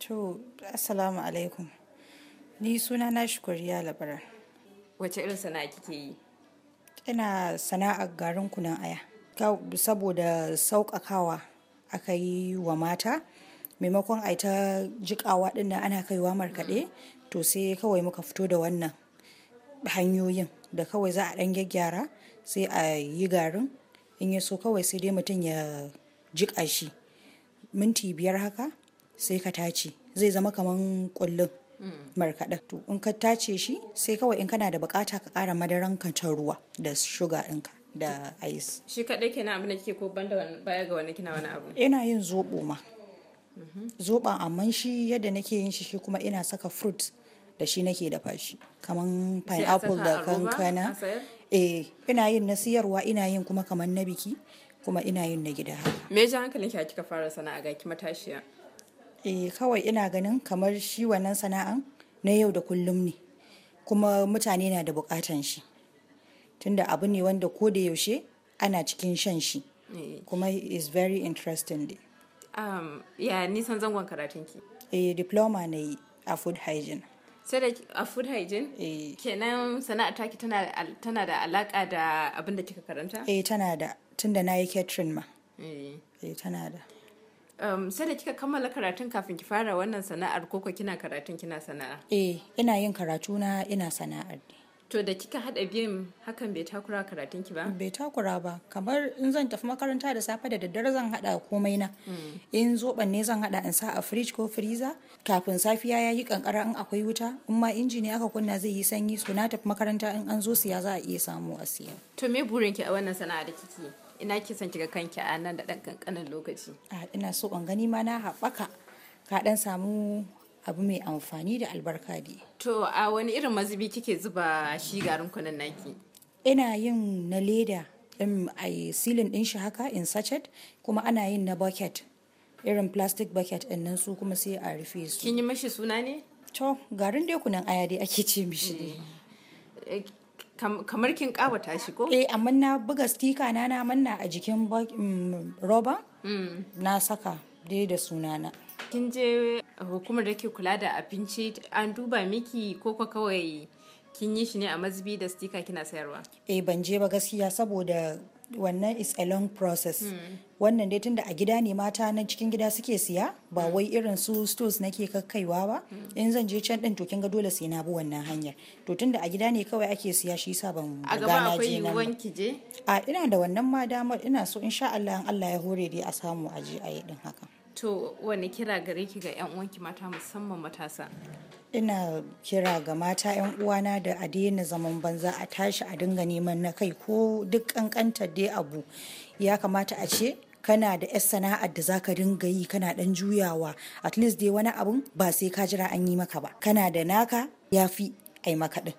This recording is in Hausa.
To, Assalamu alaikum. Ni suna na shukuriya labarar. Wace irin sana'a kike yi? Ina sana'ar garin kunan aya. Saboda sauƙaƙawa aka yi wa mata, maimakon a ta jiƙawa ɗin nan ana kaiwa markaɗe, to sai kawai muka fito da wannan hanyoyin da kawai za a ɗan gyaggyara sai a yi garin. In ya so kawai sai dai mutum ya jiƙa shi. minti biyar haka sai ka tace zai zama kaman kullum markaɗa to in ka tace shi sai kawai in kana da bukata ka ƙara madaran ka ta ruwa da shuga ɗinka da ice shi kaɗai kina abin da kike ko ban da baya ga wani kina wani abu ina yin zoɓo ma zoba amma shi yadda nake yin shi shi kuma ina saka fruit da shi nake dafa shi kaman pineapple da kankana eh ina yin na siyarwa ina yin kuma kaman na biki kuma ina yin na gida me ji hankalin ki kika fara sana'a ga ki matashiya eh kawai ina ganin kamar shi wannan sana'an na yau da kullum ne kuma mutane na da bukatan shi tunda abu ne wanda ko da yaushe ana cikin shan shi eh. kuma is very interesting dai um, ya nisan zangon karatun ki. eh diploma na yi a food hygiene sai da a food hygiene eh. kenan sana'ar taki tana da alaka da abin da kika karanta eh tana da tunda na yi catering ma eh, eh tana da um, sai da kika kammala karatun kafin ki fara wannan sana'ar koko kina karatun kina sana'a eh ina yin karatu na ina sana'ar ne To da kika haɗa biyun hakan bai takura karatun ki ba? Bai takura ba. Kamar in zan tafi makaranta da safe da daddare zan haɗa komai na. Hmm. In zoben ne zan haɗa in sa a fridge ko freezer kafin safiya ya yi kankara in akwai wuta in ma inji ne aka kunna zai yi sanyi so na tafi makaranta in an zo siya za a iya samu a siya. To me burin ki a wannan sana'a da kike? Ina ki san kiga kanki a nan da ɗan kankanin lokaci. A ina so in gani ma na haɓaka ka ɗan samu abu mai amfani da albarka ne. To a wani irin mazubi kike zuba shi garin kunan naki? Ina yin na leda in a silin din shi haka in sachet kuma ana yin na bucket irin plastic bucket din nan su kuma sai a rufe su. Kin yi mashi suna ne? To garin dai kunan aya dai ake ce mishi ne. Eh, eh, kamar kin kawata shi ko? Eh amma na buga stika na na manna a jikin mm, roba mm. na saka dai da sunana. kin je hukumar da ke kula da abinci an duba miki ko kawai kin yi shi ne a mazubi da stika kina sayarwa eh ban je ba gaskiya saboda wannan is a long process hmm. wannan dai tunda a gida ne mata na cikin gida suke siya ba hmm. wai irin su stores nake kakkaiwa ba hmm. in zan je can din to kin ga dole sai na bi wannan hanyar to tunda a gida ne kawai ake siya shi yasa ban a gaba akwai yiwuwan ki je a ina da wannan ma damar ina so insha Allah in Allah ya hore dai a samu aje a yi din haka To wani kira gare ki ga 'yan uwanki mata musamman matasa? Ina kira ga mata 'yan uwana da a daina zaman banza a tashi a dinga neman na kai ko duk kankantar dai abu ya kamata a ce kana da 'yan sana'ar da zaka dinga yi kana dan juyawa at least dai wani abun ba sai ka jira an yi maka ba kana da naka ya fi ai maka din.